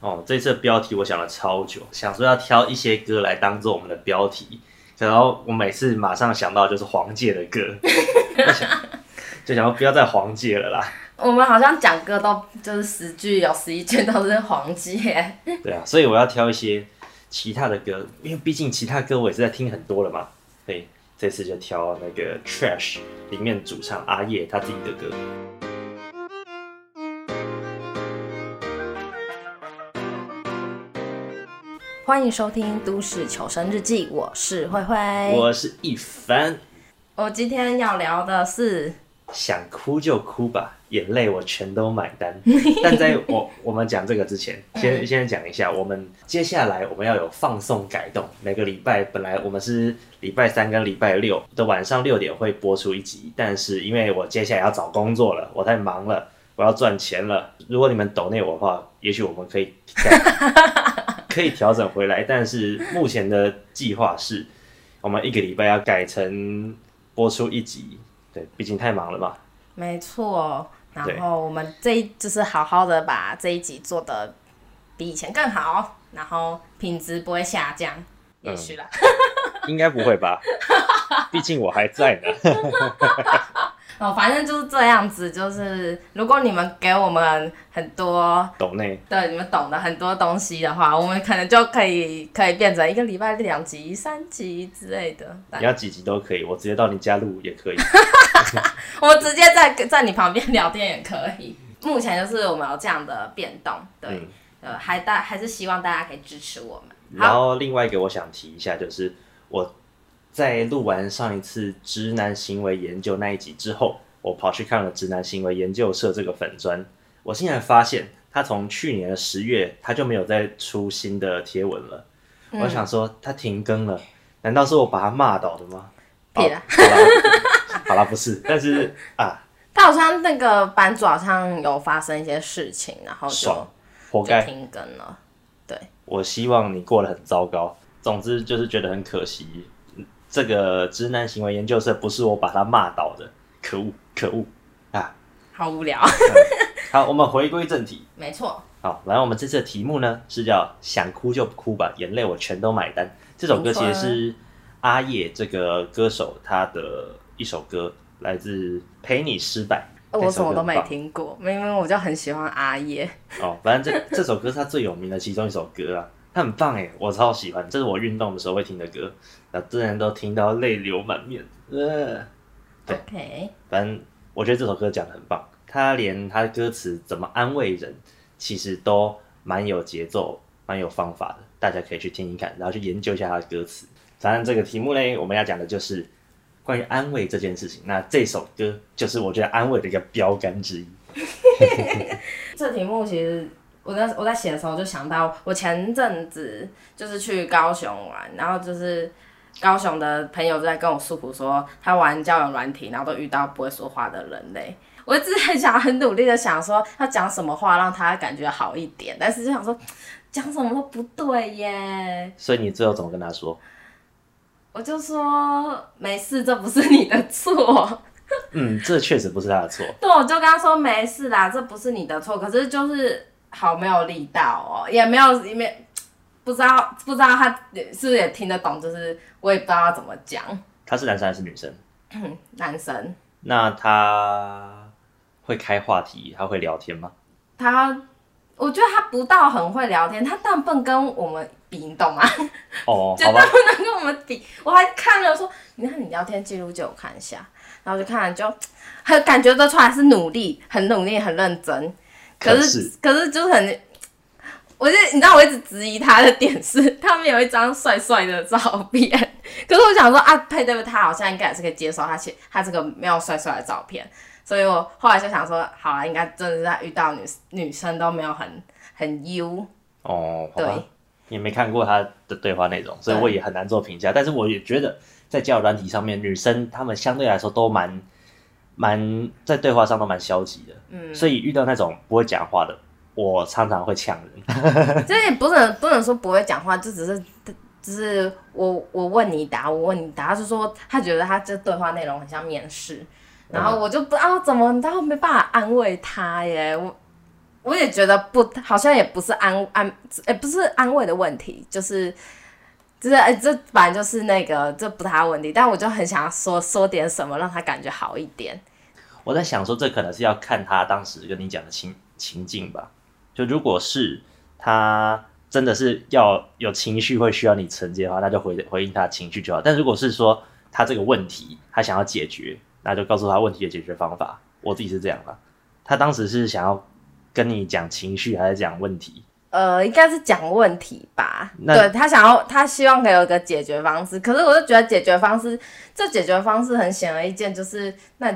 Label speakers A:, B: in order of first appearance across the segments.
A: 哦，這次的標題我想了超久，想說要挑一些歌來當做我們的標題，然後我每次馬上想到就是黃玠的歌， 就想要不要再黃玠了啦。
B: 我們好像講歌都就是十句有十一句都是黃玠，
A: 對啊，所以我要挑一些其他的歌，因為畢竟其他歌我也是在聽很多了嘛，所以這次就挑那個 Trash 裡面主唱阿夜他自己的歌。
B: 歡迎收聽《都市求生日記》，我是蕙蕙，我
A: 是易凡。
B: 我今天要聊的是，
A: 想哭就哭吧，眼淚我全都買單。 但在我我們講這個之前，先先講一下，嗯、我們接下來我們要有放送改動。每個禮拜本來我們是禮拜三跟禮拜六的晚上六點會播出一集，但是因為我接下來要找工作了，我太忙了，我要賺錢了。如果你們 donate 我的話，也許我們可以。 可以調整回來，但是目前的計劃是，我們一個禮拜要改成播出一集。對，畢竟太忙了嘛。
B: 沒錯，然後我們這一就是好好的把這一集做得比以前更好，然後品質不會下降。嗯、
A: 也許了， 應該不會吧？畢竟我還在呢。
B: 哦，反正就是這樣子，就是如果你們給我們很多懂內、欸，對，你們懂的很多東西的話，我們可能就可以可以變成一個禮拜兩集、三集之類的。你要幾
A: 集都可以，我直接到你家錄也可以，
B: 我直接在在你旁邊聊天也可以。目前就是我們有這樣的變動，
A: 對，
B: 呃、嗯，還大還是希望大家可以支持我們。
A: 然後另外一個我想提一下，就是我。在錄完上一次《直男行為研究》那一集之後，我跑去看了《直男行為研究社》這個粉專，我竟然發現他從去年的十月他就沒有再出新的貼文了、嗯。我想說他停更了，難道是我把他罵倒的嗎？
B: 好了，哦、好了，
A: 好了不是， 但是啊，他
B: 好像那個版主好像有發生一些事情，然後就爽，
A: 活該停更了。對，我希望你過得很糟糕，總之就是覺得很可惜。這個直男行為研究社不是我把他罵倒的，可惡可惡啊！
B: 好無聊、 嗯。
A: 好，我們回歸正題。沒錯。好，來，我們這次的題目呢是叫“想哭就哭吧，眼淚我全都買單”。這首歌其實是阿葉這個歌手他的一首歌，啊、來自《陪你失敗》。哦、我什麼都沒聽
B: 過，明明我就很喜歡阿葉。
A: 哦，反正這這首歌是他最有名的其中一首歌啊，他很棒哎，我超喜歡，這是我運動的時候會聽的歌。啊、真多人都聽到淚流滿面。呃、啊，對，okay。
B: 反
A: 正我覺得這首歌講的很棒，他連他的歌詞怎麼安慰人，其實都蠻有節奏、蠻有方法的。大家可以去聽一看，然後去研究一下他的歌詞。反正，這個題目呢，我們要講的就是關於安慰這件事情。那這首歌就是我覺得安慰的一個標杆之一。
B: 這題目其實，我在我在寫的時候就想到，我前陣子就是去高雄玩，然後就是。高雄的朋友在跟我訴苦說，他玩交友軟體，然後都遇到不會說話的人嘞。我一直在想，很努力的想說要講什麼話讓他感覺好一點，但是就想說講什麼都不對耶。
A: 所以你最後怎麼跟他說？
B: 我就說沒事，這不是你的錯。
A: 嗯，這確實不是他的錯。
B: 對，我就跟他說沒事啦，這不是你的錯。可是就是好沒有力道哦、喔，也沒有也沒有。不知道，不知道他是不是也聽得懂？就是我也不知道怎麼講。
A: 他是男生還是女生？嗯，
B: 男生。
A: 那他會開話題，他會聊天嗎？
B: 他，我覺得他不到很會聊天，他但不能跟我們比，你懂嗎？哦，
A: 絕對
B: 不能跟我們比。哦。我還看了說，你看你聊天記錄，借我看一下。然後就看了就，就很感覺得出來是努力，很努力，很認真。
A: 可是，可是，
B: 可是就是很。我是你知道我一直質疑他的點是，他們有一張帥帥的照片。可是我想說啊，配對他好像應該也是可以接受他寫他這個沒有帥帥的照片。所以我後來就想說，好了，應該真的是他遇到女女生都沒有很很優
A: 哦。對、啊，也沒看過他的對話內容，所以我也很難做評價。但是我也覺得在交友軟體上面，女生他們相對來說都蠻蠻在對話上都蠻消極的。嗯，所以遇到那種不會講話的。我常常會嗆人，
B: 就 是不能不能說不會講話，就只是，只、就是我我問你答，我問你答，他就說他覺得他這對話內容很像面試，然後我就不知道怎麼，然後沒辦法安慰他耶，我我也覺得不，好像也不是安安、哎，不是安慰的問題，就是就是哎，這反正就是那個這不是他的問題，但我就很想要說說點什麼讓他感覺好一點。
A: 我在想說，這可能是要看他當時跟你講的情情境吧。就如果是他真的是要有情緒會需要你承接的話，那就回回應他情緒就好。但如果是說他這個問題他想要解決，那就告訴他問題的解決方法。我自己是這樣吧。他當時是想要跟你講情緒還是講問題？
B: 呃，應該是講問題吧。那對，他想要，他希望給我個解決方式，可是我就覺得解決方式，這解決方式很顯而易見，就是那。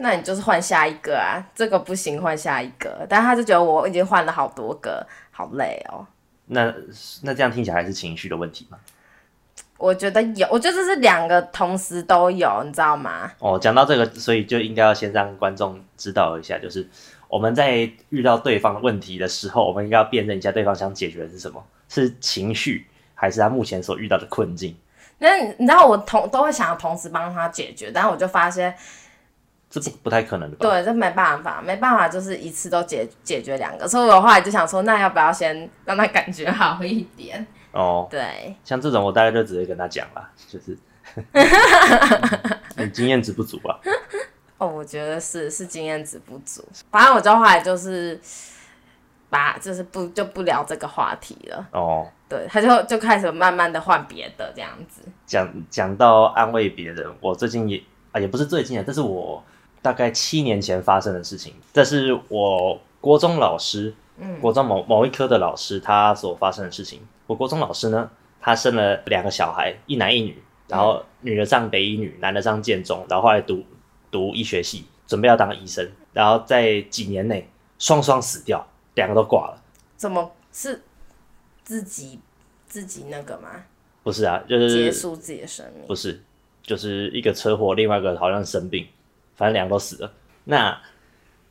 B: 那你就是換下一個啊，這個不行，換下一個。但他就覺得我已經換了好多個，好累
A: 哦。那那這樣聽起來還是情緒的問題嗎？
B: 我覺得有，我覺得這是兩個同時都有，你知道嗎？
A: 哦，講到這個，所以就應該要先讓觀眾知道一下，就是我們在遇到對方的問題的時候，我們應該要辨認一下對方想解決的是什麼，是情緒還是他目前所遇到的困境。
B: 那你知道我同都會想要同時幫他解決，但是我就發現。
A: 這不不太可能的吧？對，
B: 這沒辦法，沒辦法，就是一次都解解決兩個。所以我後來就想說，那要不要先讓他感覺好一點？
A: 哦，對，像這種我大概就直接跟他講了，就是，你 經驗值不足啊！
B: 哦，我覺得是是經驗值不足。反正我就後來就是把就是不就不聊這個話題了。哦，對，他就就開始慢慢的換別的這樣子。
A: 講講到安慰別人，我最近也啊也不是最近啊，但是我。大概七年前發生的事情，但是我國中老師，嗯，國中某某一科的老師，他所發生的事情。我國中老師呢，他生了兩個小孩，一男一女，然後女的上北一女，女，嗯，男的上建中，然後後來讀讀醫學系，準備要當醫生，然後在幾年內雙雙死掉，兩個都掛了。
B: 怎麼是自己自己那個嗎？
A: 不是啊，就是結束
B: 自己的生命，不
A: 是，就是一個車禍，另外一個好像生病。反正兩個都死了。那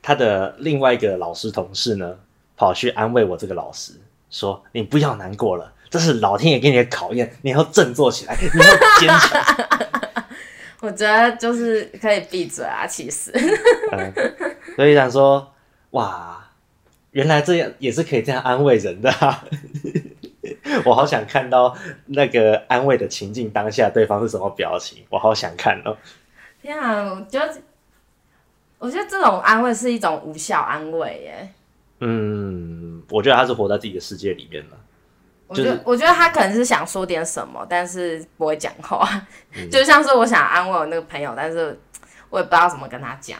A: 他的另外一個老師同事呢，跑去安慰我這個老師，說：“你不要難過了，這是老天爺給你的考驗，你要振作起來，你要堅強。”
B: 我覺得就是可以閉嘴啊，其實、
A: 嗯。所以想說，哇，原來這樣也是可以這樣安慰人的、啊。 我好想看到那個安慰的情境當下，對方是什麼表情，我好想看哦。
B: 天啊，我我覺得這種安慰是一種無效安慰耶。嗯，
A: 我覺得他是活在自己的世界裡面了。我覺得、就是，
B: 我覺得他可能是想說點什麼，但是不會講話。
A: 嗯、 就像
B: 是我想安慰我那個朋友，但是我也不知道怎麼跟他講。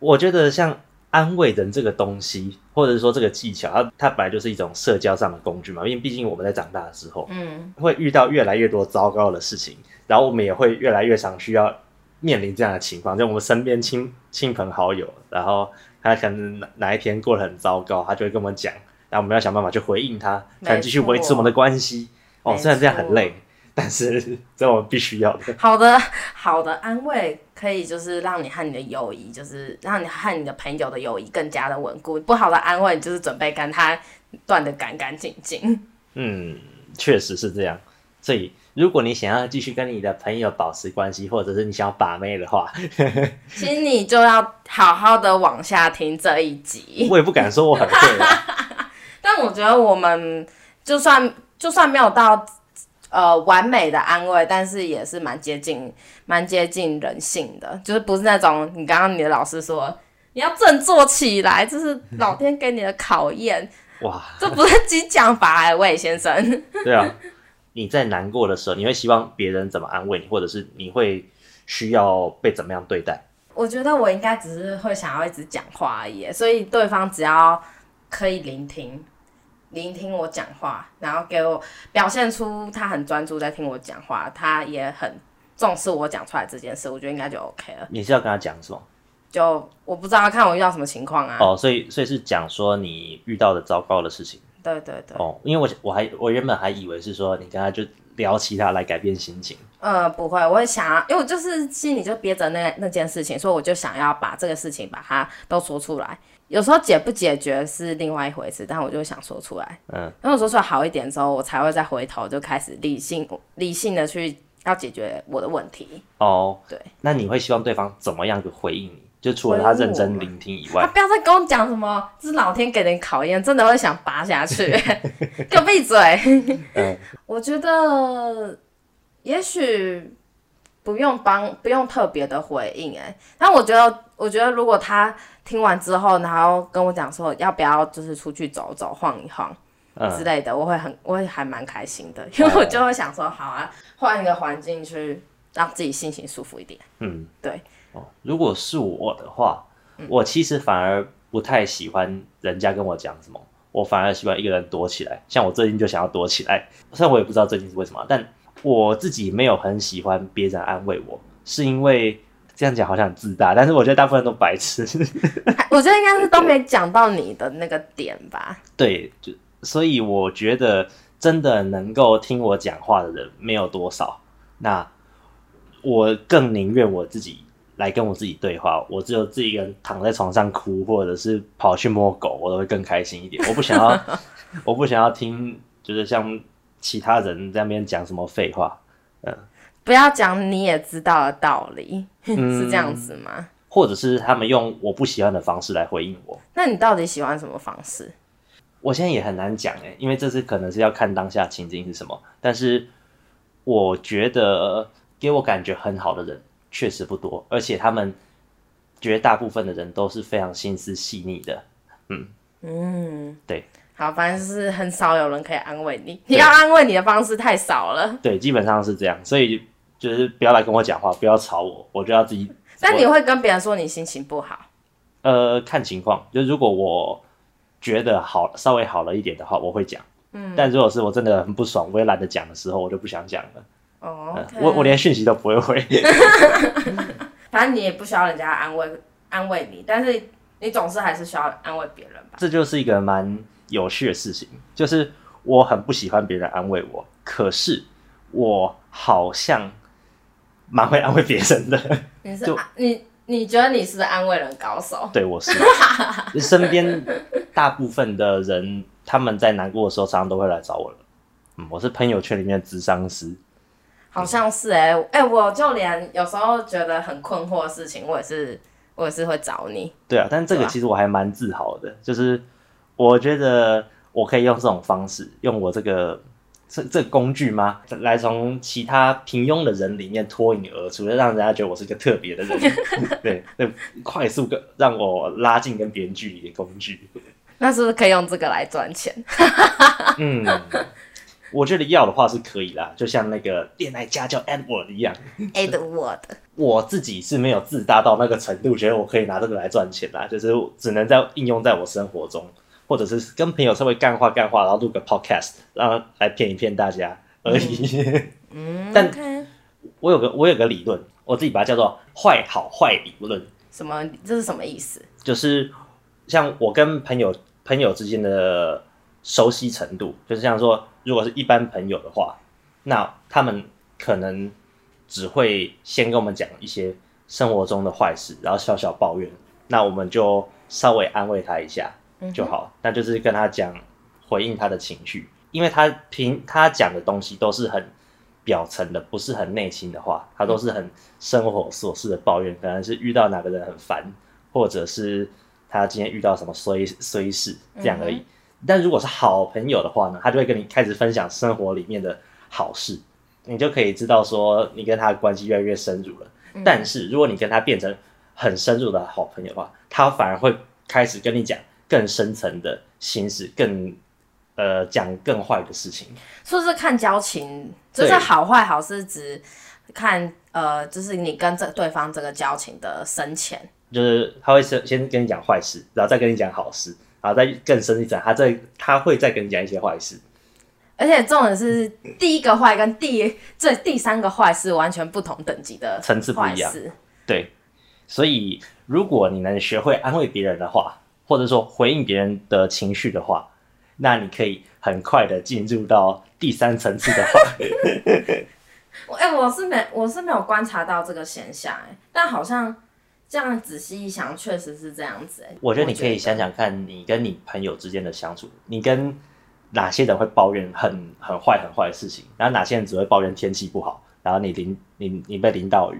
A: 我覺得像安慰人這個東西，或者是說這個技巧它，它本來就是一種社交上的工具嘛。因為畢竟我們在長大的時候，嗯，會遇到越來越多糟糕的事情，然後我們也會越來越常需要。面臨這樣的情況，就我們身邊親親朋好友，然後他可能哪哪一天過得很糟糕，他就會跟我們講，然後我們要想辦法去回應他，才能繼續維持我們的關係。哦，雖然這樣很累，但是這我們必須要的。好
B: 的，好的安慰可以就是讓你和你的友誼，就是讓你和你的朋友的友誼更加的穩固。不好的安慰你就是準備跟他斷的乾乾淨淨。
A: 嗯，確實是這樣，所以。如果你想要繼續跟你的朋友保持關係，或者是你想要把妹的話，
B: 其實你就要好好的往下聽這一集。
A: 我也不敢說我很
B: 對， 但我覺得我們就算就算沒有到呃完美的安慰，但是也是蠻接近蠻接近人性的，就是不是那種你剛剛你的老師說你要振作起來，這是老天給你的考驗哇， 這不是激將法哎魏先生。
A: 對啊。你在難過的時候，你會希望別人怎麼安慰你，或者是你會需要被怎麼樣對待？
B: 我覺得我應該只是會想要一直講話而已，所以對方只要可以聆聽，聆聽我講話，然後給我表現出他很專注在聽我講話，他也很重視我講出來這件事，我覺得應該就 OK 了。
A: 你是要跟他講什麼？
B: 就我不知道，要看我遇到什麼情況啊。哦，所
A: 以所以是講說你遇到的糟糕的事情。對對對。哦，因為我我還我原本還以為是說你剛才就聊其他來改變心情。
B: 呃、嗯，不會，我也想要，因為我就是心裡就憋着那那件事情，所以我就想要把這個事情把它都說出來。有時候解不解決是另外一回事，但我就想說出來。嗯，那我說出來好一點之後，我才會再回頭就開始理性理性的去要解決我的問題。
A: 哦，對，那你會希望對方怎麼樣就回應你？就除了他認真聆聽以外，哦、他不
B: 要再跟我講什麼，這是老天給人考驗，真的會想拔下去，給我閉嘴。嗯、 我覺得也許不用幫，不用特別的回應哎。但我覺得，我覺得如果他聽完之後，然後跟我講說要不要就是出去走走、晃一晃之類的，嗯，我會很，我會還蠻開心的，因為我就會想說好啊，換一個環境去讓自己心情舒服一點。嗯，對。
A: 如果是我的話，嗯，我其實反而不太喜歡人家跟我講什麼，我反而喜歡一個人躲起來。像我最近就想要躲起來，雖然我也不知道最近是為什麼，但我自己沒有很喜歡別人安慰我，是因為這樣講好像自大，但是我覺得大部分人都白痴。
B: 我覺得應該是都沒講到你的那個點吧。 對，
A: 對，就所以我覺得真的能夠聽我講話的人沒有多少。那我更寧願我自己。來跟我自己對話，我只有自己一個人躺在床上哭，或者是跑去摸狗，我都會更開心一點。我不想要， 我不想要聽，就是像其他人在那邊講什麼廢話，嗯，
B: 不要講你也知道的道理，是這樣子嗎？嗯，
A: 或者是他們用我不喜歡的方式來回應我。
B: 那你到底喜歡什麼方式？
A: 我現在也很難講哎，因為這次可能是要看當下情境是什麼。但是我覺得給我感覺很好的人，確實不多，而且他們絕大部分的人都是非常心思細膩的。嗯
B: 嗯，對，好，反正是很少有人可以安慰你，你要安慰你的方式太少了。
A: 對，基本上是這樣，所以就是不要來跟我講話，不要吵我，我就要自己。但你會
B: 跟別人說你心情不好？
A: 呃，看情況，就如果我覺得好，稍微好了一點的話，我會講。嗯，但如果是我真的很不爽，我也懶得講的時候，我就不想講了。Oh, okay. 我我連訊息都不會回，反
B: 正、 啊、你也不需要人家安慰安慰你，但是你總是還是需要安慰別人吧。
A: 這就是一個蠻有趣的事情，就是我很不喜歡別人安慰我，可是我好像蠻會安慰別人的 就。
B: 你是？你你覺得你是安慰人高手？對，我
A: 是。 身邊大部分的人，他們在難過的時候，常常都會來找我、嗯。我是朋友圈裡面的諮商師。
B: 好像是哎、欸、哎、欸，我就連有時候覺得很困惑的事情，我也是我也是會找你。
A: 對啊，但這個其實我還蠻自豪的，就是我覺得我可以用這種方式，用我這個這這工具嗎，來從其他平庸的人裡面脫穎而出，讓人家覺得我是一個特別的人 對。對，快速跟讓我拉近跟別人距離的工具，
B: 那是不是可以用這個來賺錢？
A: 嗯。我覺得要的話是可以啦，就像那個戀愛家教 Edward 一樣。
B: Edward，
A: 我自己是沒有自大到那個程度，覺得我可以拿這個來賺錢啦,就是只能在應用在我生活中，或者是跟朋友稍微幹話幹話，然後錄個 podcast，然後來騙一騙大家而已。嗯， 但我有個我有個理論，我自己把它叫做“壞好壞理論”。
B: 什麼？這是什麼意思？
A: 就是像我跟朋友朋友之間的。熟悉程度，就是像說，如果是一般朋友的話，那他們可能只會先跟我們講一些生活中的壞事，然後小小抱怨，那我們就稍微安慰他一下就好，嗯、那就是跟他講回應他的情緒，因為他平他講的東西都是很表層的，不是很內心的話，他都是很生活瑣事的抱怨，可能是遇到哪個人很煩，或者是他今天遇到什麼衰衰事這樣而已。嗯但如果是好朋友的話呢，他就會跟你開始分享生活裡面的好事，你就可以知道說你跟他的關係越來越深入了，嗯。但是如果你跟他變成很深入的好朋友的話，他反而會開始跟你講更深層的心事，更呃講更壞的事情。
B: 是、就是看交情？就是好壞好是指看呃，就是你跟這對方這個交情的深淺。
A: 就是他會是先跟你講壞事，然後再跟你講好事。然後再更深一層，他再他會再跟你講一些壞事，
B: 而且重點是第一個壞跟第這 第三個壞是完全不同等級的層次不一樣。
A: 對，所以如果你能學會安慰別人的話，或者說回應別人的情緒的話，那你可以很快的進入到第三層次的壞
B: 我哎、， 欸，我是沒我是沒有觀察到這個現象，哎，但好像。這樣仔細一想，確實是這樣
A: 子，欸。我覺得你可以想想看，你跟你朋友之間的相處，你跟哪些人會抱怨很很壞很壞的事情，然後哪些人只會抱怨天氣不好，然後你淋你你被淋到雨，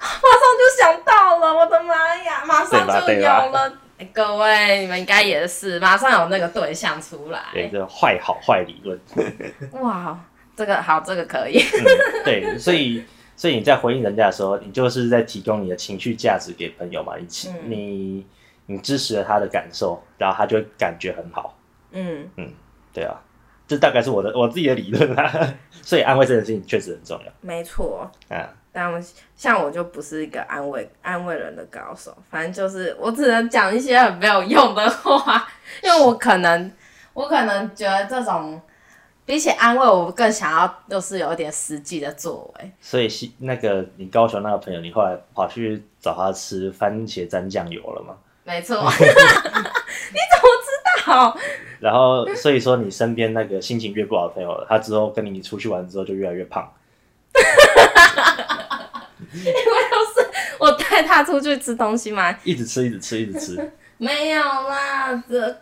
B: 馬上就想到了，我的媽呀，馬上就有了。欸、各位，你們應該也是，馬上有那個對象出來。一、
A: 這個壞好壞理論。
B: 哇，這個好，這個可以。 嗯、
A: 對，所以。所以你在回應人家的時候，你就是在提供你的情緒價值給朋友嘛？你、嗯、你你支持了他的感受，然後他就會感覺很好。嗯嗯，對啊，這大概是我的我自己的理論啦、啊。 所以安慰這件事情確實很重要。沒錯。嗯，
B: 但像我就不是一個安慰安慰人的高手，反正就是我只能講一些很沒有用的話，因為我可能我可能覺得這種。比起安慰，我更想要就是有一點實際的作為。
A: 所以那個你高雄那個朋友，你後來跑去找他吃番茄蘸醬油了嗎？沒
B: 錯。 你怎麼知道？
A: 然後所以說你身邊那個心情越不好的朋友，他之後跟你出去玩之後就越來越胖。
B: 因為都是我帶他出去吃東西
A: 嘛，一直吃，一直吃，一直吃。
B: 沒有啦，這。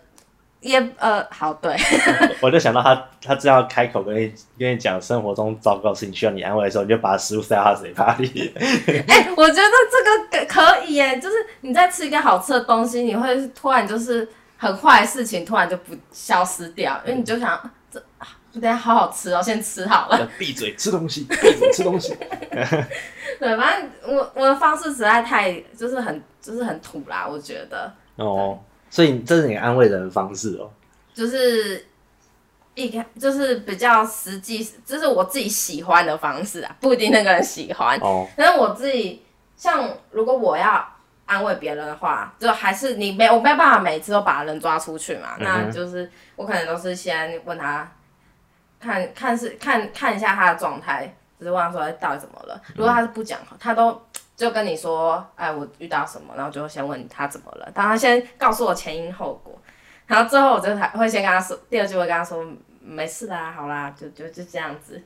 B: 也呃，好對。
A: 我就想到他，他只要開口跟你跟你講生活中糟糕的事情需要你安慰的時候，你就把食物塞到他嘴巴裡。哎、 欸，
B: 我覺得這個可以耶，就是你在吃一個好吃的東西，你會突然就是很壞的事情突然就不消失掉，嗯、因為你就想這，啊、等下好好吃哦、喔，先吃好了。
A: 要閉嘴吃東西，閉嘴吃東西。 對，
B: 反正我我的方式實在太就是很就是很土啦，我覺得。
A: 哦。所以這是你安慰人的方式哦、喔,就
B: 是一開就是比較實際，這是我自己喜歡的方式啊，不一定那個人喜歡。哦，但是我自己像如果我要安慰別人的話，就還是你沒我沒辦法每次都把人抓出去嘛，嗯、那就是我可能都是先問他看看是看看一下他的狀態，只是問他說到底怎麼了。如果他是不講、嗯，他都。就跟你說，哎，我遇到什麼，然後就先問他怎麼了，然後他先告訴我前因後果，然後之後我就還會先跟他說，第二句會跟他說沒事的，好啦，就就就這樣子。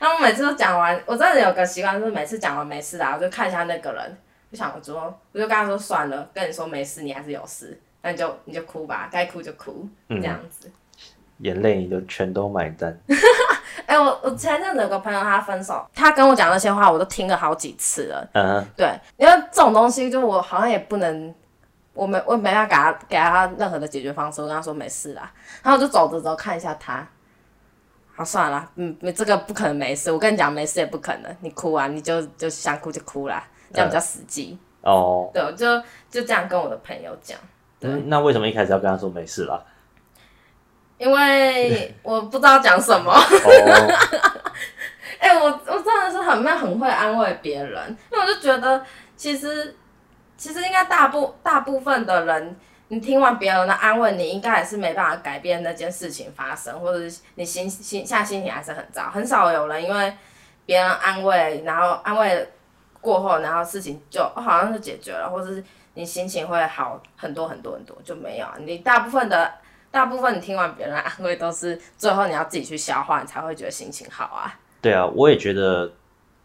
B: 那我每次都講完，我真的有個習慣，就是每次講完沒事的，我就看一下那個人，就想說，我就跟他說算了，跟你說沒事，你還是有事，那你就你就哭吧，該哭就哭，嗯，這樣子，
A: 眼淚你就全都買單。
B: 哎、欸，我我前陣子有個朋友，他分手，他跟我講那些話，我都聽了好幾次了。嗯，對，因為這種東西，就我好像也不能，我沒我沒辦法給他給他任何的解決方式。我跟他說沒事啦，然後我就走着走著，看一下他，好，算了，嗯，這個不可能沒事。我跟你講，沒事也不可能。你哭啊，你就就想哭就哭啦，這樣比較實際、嗯。
A: 哦，
B: 對，我就就這樣跟我的朋友講、
A: 嗯。那為什麼一開始要跟他說沒事了？
B: 因為我不知道講什麼
A: ，
B: 哎、oh. 欸，我我真的是很很很會安慰別人，因為我就覺得其實其實應該大部大部分的人，你聽完別人的安慰，你應該還是沒辦法改變那件事情發生，或者是你心心下心情還是很糟。很少有人因為別人安慰，然後安慰過後，然後事情就好像是解決了，或者是你心情會好很多很多很多就沒有。你大部分的。大部分你聽完別人的安慰，都是最後你要自己去消化，你才會覺得心情好啊。
A: 對啊，我也覺得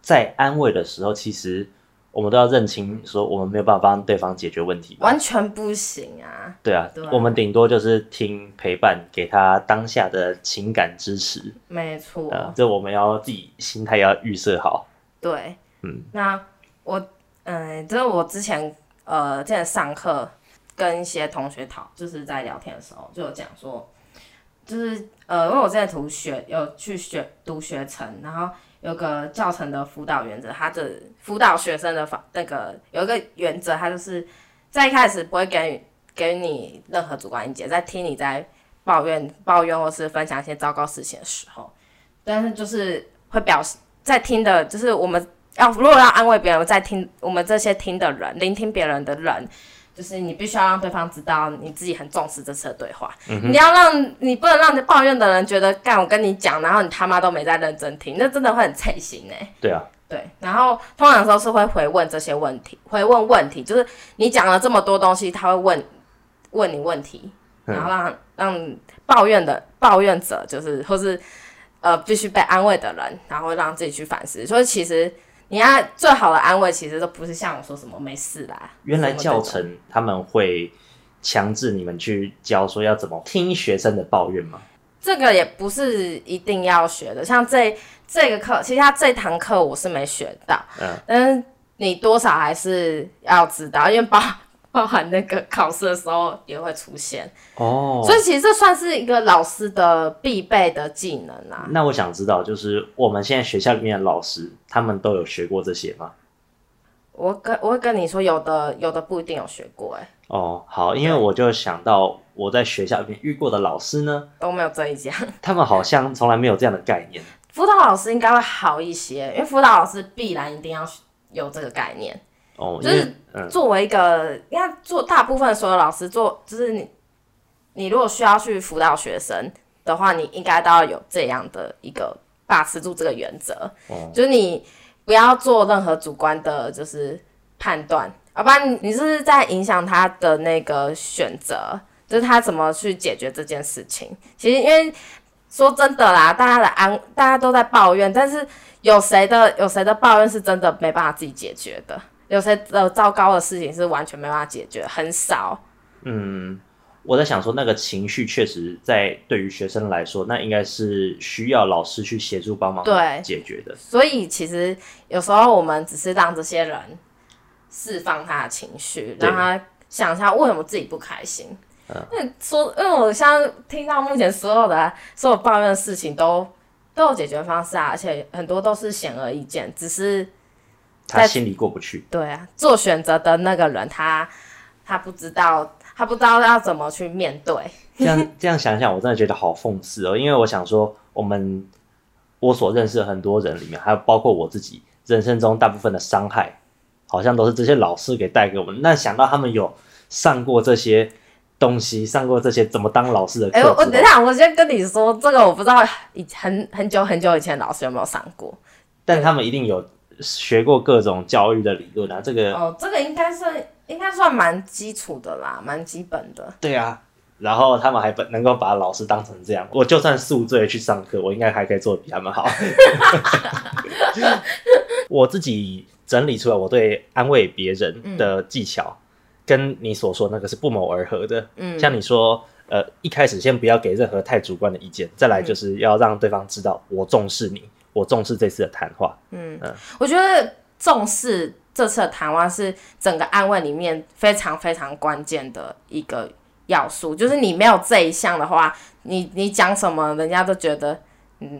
A: 在安慰的時候，其實我們都要認清，說我們沒有辦法幫對方解決問題，
B: 完全不行啊。對啊，
A: 對啊，我們頂多就是聽、陪伴，給他當下的情感支持。
B: 沒錯，
A: 這、啊、我們要自己心態要預設好。對，
B: 嗯，那我，嗯、呃，這、就是、我之前，呃，之前上課。跟一些同學討，就是在聊天的時候就有講說，就是呃，因為我現在讀學有去學讀學程，然後有個教程的輔導原則，他的輔導學生的方那個有一個原則，他就是在一開始不會給你給你任何主觀意見，在聽你在抱怨抱怨或是分享一些糟糕事情的時候，但是就是會表示在聽的，就是我們要如果要安慰別人，在聽我們這些聽的人，聆聽別人的人。就是你必須要讓對方知道你自己很重視這次的對話，嗯、你要讓，你不能讓抱怨的人覺得，幹我跟你講，然後你他媽都沒在認真聽，那真的會很刺心呢？對啊，對，然後通常都是會回問這些問題，回問問題，就是你講了這麼多東西，他會問問你問題，然後讓、嗯、讓抱怨的抱怨者，就是或是呃必須被安慰的人，然後讓自己去反思。所以其實。你要最好的安慰其實都不是像我說什麼沒事啦。
A: 原來教程他們會強制你們去教說要怎麼聽學生的抱怨嗎？
B: 這個也不是一定要學的，像這這個課，其實他這堂課我是沒學到。嗯，但是你多少還是要知道，因為包。包含那個考試的時候也會出現
A: 哦，oh, 所以其實
B: 這算是一個老師的必備的技能吶、啊。
A: 那我想知道，就是我們現在學校裡面的老師，他們都有學過這些嗎？
B: 我跟我會跟你說，有的有的不一定有學過、欸，哎。
A: 哦，好，因為我就想到我在學校裡面遇過的老師呢，
B: 都沒有這一講，
A: 他們好像從來沒有這樣的概念。
B: 輔 導老師應該會好一些，因為輔導老師必然一定要有這個概念。
A: Oh, 就是作
B: 為一個，你、嗯、看做大部分所有老師做，就是你你如果需要去輔導學生的話，你應該都要有這樣的一個把持住這個原則，Oh. 就是你不要做任何主觀的，就是判斷，要、啊、不然你是在影響他的那個選擇，就是他怎麼去解決這件事情。其實，因為說真的啦，大家的安，大家都在抱怨，但是有誰的有誰的抱怨是真的沒辦法自己解決的？有些呃、糟糕的事情是完全沒辦法解決，很少。
A: 嗯，我在想說，那個情緒確實在對於學生來說，那應該是需要老師去協助幫忙對解決的。
B: 所以其實有時候我們只是讓這些人釋放他的情緒，讓他想一下為什麼自己不開心。嗯，說，因為我像聽到目前所有的所有抱怨的事情都都有解決方式啊，而且很多都是顯而易見，只是。
A: 他心裡過不去。
B: 對啊，做選擇的那個人，他他不知道，他不知道要怎麼去面對。
A: 這樣這樣想想，我真的覺得好諷刺哦。因為我想說，我們我所認識的很多人裡面，還有包括我自己，人生中大部分的傷害，好像都是這些老師給帶給我們。那想到他們有上過這些東西，上過這些怎麼當老師的課。哎、欸，我等
B: 一下，我先跟你說，這個我不知道，以很很久很久以前老師有沒有上過，
A: 但他們一定有。學過各種教育的理論，啊，這個哦，
B: 這個應該是應該算蠻基礎的啦，蠻基本的。
A: 對啊，然後他們還不能夠把老師當成這樣，我就算宿醉去上課，我應該還可以做得比他們好。 我自己整理出來我對安慰別人的技巧，嗯、跟你所說那個是不謀而合的。嗯，像你說，呃，一開始先不要給任何太主觀的意見，再來就是要讓對方知道我重視你。我重視這次的談話，嗯，嗯，
B: 我覺得重視這次的談話是整個安慰裡面非常非常關鍵的一個要素，就是你沒有這一項的話，你你講什麼，人家都覺得。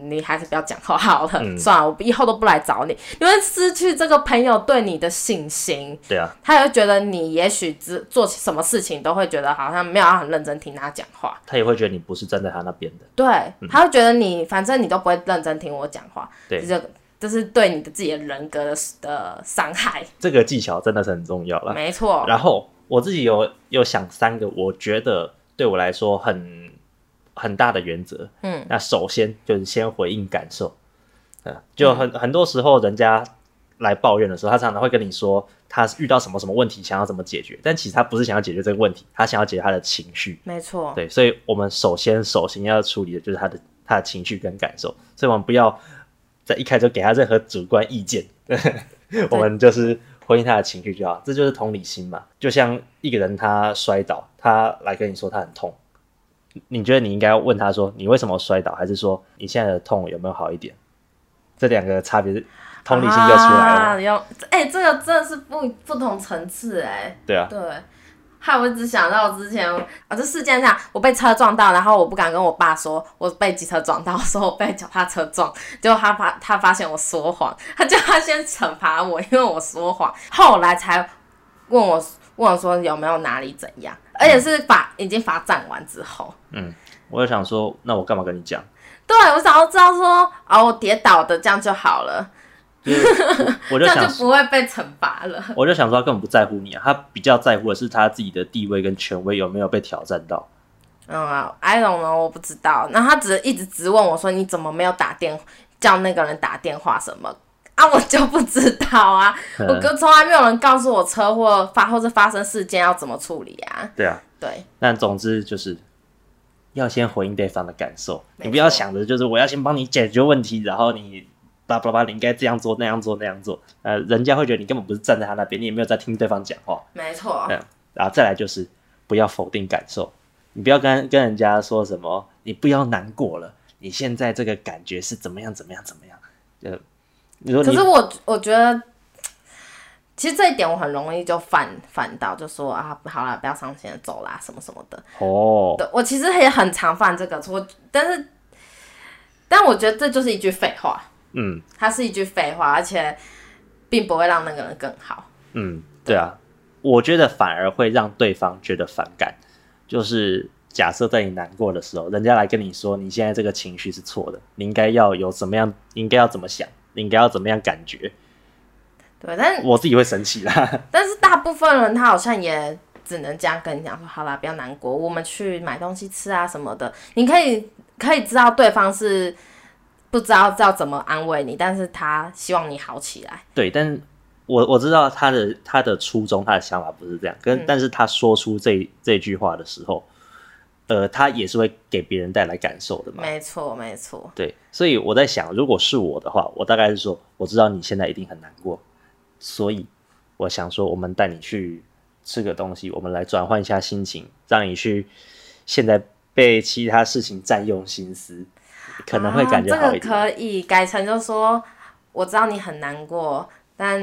B: 你還是不要講話好了、嗯，算了，我以後都不來找你，因為失去這個朋友對你的信心。對啊，他也會覺得你也許只做什麼事情都會覺得好像沒有要很認真聽他講話，
A: 他也會覺得你不是站在他那邊的。
B: 對、嗯，他會覺得你反正你都不會認真聽我講話。對，這個就是對你的自己的人格的的傷害。
A: 這個技巧真的是很重要了。沒錯。然後我自己有有想三個，我覺得對我來說很。很大的原則，嗯，那首先就是先回應感受，嗯，啊、就很、嗯、很多時候人家來抱怨的時候，他常常會跟你說他遇到什麼什麼問題，想要怎麼解決，但其實他不是想要解決這個問題，他想要解決他的情緒，
B: 沒錯，對，
A: 所以我們首先首先要處理的就是他的他的情緒跟感受，所以我們不要在一開始就給他任何主觀意見 對，我們就是回應他的情緒就好，這就是同理心嘛，就像一個人他摔倒，他來跟你說他很痛。你覺得你應該要問他說，你為什麼摔倒，還是說你現在的痛有沒有好一點？這兩個差別是同理心就出來
B: 了。要、啊，哎、欸，這個真的是不不同層次哎。對啊。對。害我一直想到我之前啊，這事件上我被車撞到，然後我不敢跟我爸說，我被機車撞到，說我被腳踏車撞，結果他發他發現我說謊，他就他先懲罰我，因為我說謊，後來才問我問我說有沒有哪裡怎樣。而且是把、嗯、已經罰站完之後，
A: 嗯，我就想說，那我幹嘛跟你講？
B: 對，我早就知道說，哦，我跌倒的這樣就好了，就是、我,
A: 我就想 就不
B: 會被懲罰了。
A: 我就想說，他根本不在乎你啊，他比較在乎的是他自己的地位跟權威有沒有被挑戰到。
B: 嗯啊，I don't know，我不知道，那他只是一直質問我說，你怎麼沒有打電叫那個人打電話什麼？啊，我就不知道啊！嗯、我哥從來沒有人告訴我車禍發或者發生事件要怎麼處理啊。對啊，對。
A: 但總之就是，要先回應對方的感受，你不要想着就是我要先幫你解決問題，然後你叭叭叭，你應該這樣做，那樣做那樣做。呃，人家會覺得你根本不是站在他那邊，你也沒有在聽對方講話。沒錯、嗯。然後再來就是不要否定感受，你不要跟跟人家說什麼，你不要難過了，你現在這個感覺是怎麼樣怎麼樣怎麼樣？呃。你你可是我
B: 我覺得，其實這一點我很容易就犯犯到，就說啊，好啦，不要傷心，走啦，什麼什麼的。
A: 哦、oh.，我
B: 其實也很常犯這個錯，但是，但我覺得這就是一句廢話。嗯，它是一句廢話，而且並不會讓那個人更好。
A: 嗯，對啊，對我覺得反而會讓對方覺得反感。就是假設在你難過的時候，人家來跟你說你現在這個情緒是錯的，你應該要有怎麼樣，應該要怎麼想。應該要怎麼樣感覺？
B: 對，但我
A: 自己會生氣啦。
B: 但是大部分人他好像也只能這樣跟你講說：“ 好啦，不要難過，我們去買東西吃啊什麼的。”你可以可以知道對方是不知道要怎麼安慰你，但是他希望你好
A: 起來。對，但是我我知道他的他的初衷，他的想法不是這樣。跟、嗯、但是他說出這這句話的時候。呃，他也是會給別人帶來感受的嘛。
B: 沒錯，沒錯。
A: 對，所以我在想，如果是我的話，我大概是說，我知道你現在一定很難過，所以我想說，我們帶你去吃個東西，我們來轉換一下心情，讓你去現在被其他事情占用心思，可能會感覺好一點。啊，這
B: 個可以改成就說，我知道你很難過，但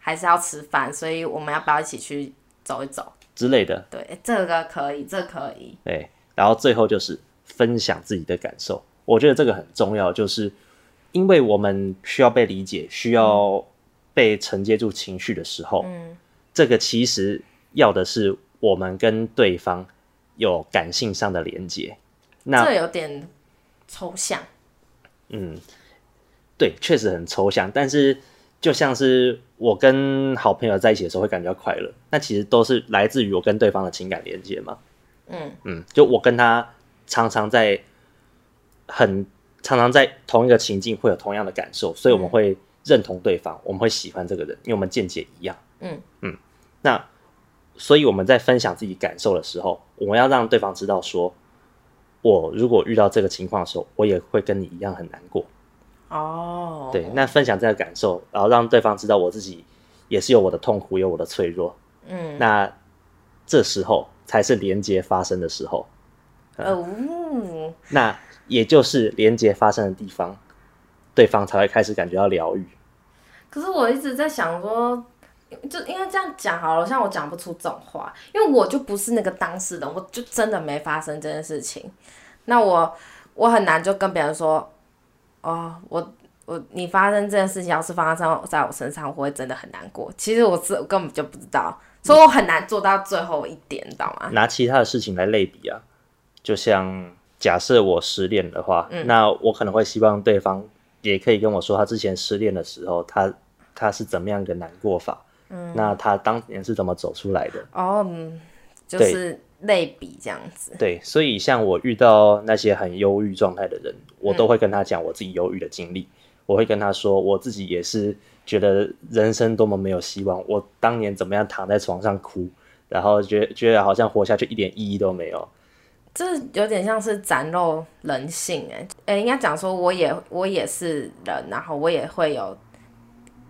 B: 還是要吃飯，所以我們要不要一起去走一走？
A: 之類的，對，
B: 這個可以，這可以，
A: 對，然後最後就是分享自己的感受，我覺得這個很重要，就是因為我們需要被理解，需要被承接住情緒的時候，嗯，這個其實要的是我們跟對方有感性上的連接，那這有
B: 點抽象，
A: 嗯，對，確實很抽象，但是。就像是我跟好朋友在一起的時候會感覺到快樂，那其實都是來自於我跟對方的情感連接嘛。嗯嗯，就我跟他常常在很常常在同一個情境會有同樣的感受，所以我們會認同對方，嗯、我們會喜歡這個人，因為我們見解一樣。嗯嗯，那所以我們在分享自己感受的時候，我們要讓對方知道說，我如果遇到這個情況的時候，我也會跟你一樣很難過。哦、oh.，對，那分享這個感受，然後讓對方知道我自己也是有我的痛苦，有我的脆弱，嗯，那這時候才是連接發生的時候，哦、嗯，oh. 那也就是連接發生的地方，對方才會開始感覺到療癒。
B: 可是我一直在想說，就因為這樣講好了，像我講不出這種話，因為我就不是那個當事人，我就真的沒發生這件事情，那我我很難就跟別人說。哦、oh,，我我你發生這件事情，要是發生在我身上，我會真的很難過。其實我是我根本就不知道，所以我很難做到最後一
A: 點，嗯、你知道嗎？拿其他的事情來類比啊，就像假設我失戀的話，嗯，那我可能會希望對方也可以跟我說他之前失戀的時候他，他他是怎麼樣一個難過法？嗯，那他當年是怎麼走出來的？哦，就是。
B: 類比這樣子，
A: 對，所以像我遇到那些很憂鬱狀態的人，我都會跟他講我自己憂鬱的經歷、嗯。我會跟他說，我自己也是覺得人生多麼沒有希望。我當年怎麼樣躺在床上哭，然後覺得覺得好像活下去一點意義都沒有。
B: 這有點像是展露人性，誒、欸、誒，應該講說我也我也是人，然後我也會有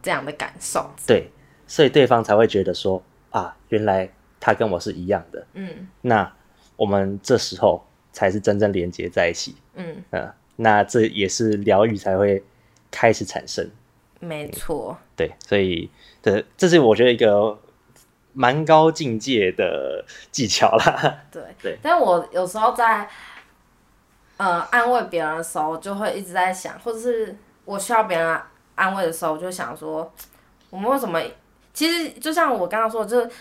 B: 這樣的感受。
A: 對，所以對方才會覺得說啊，原來。他跟我是一樣的，嗯，那我們這時候才是真正連接在一起，嗯，呃、那這也是療癒才會開始產生，
B: 沒錯、
A: 嗯，對，所以這這是我覺得一個蠻高境界的技巧啦，對對，
B: 但我有時候在呃安慰別人的時候，就會一直在想，或者是我需要別人安慰的時候，我就想說我們為什麼？其實就像我剛剛說的，就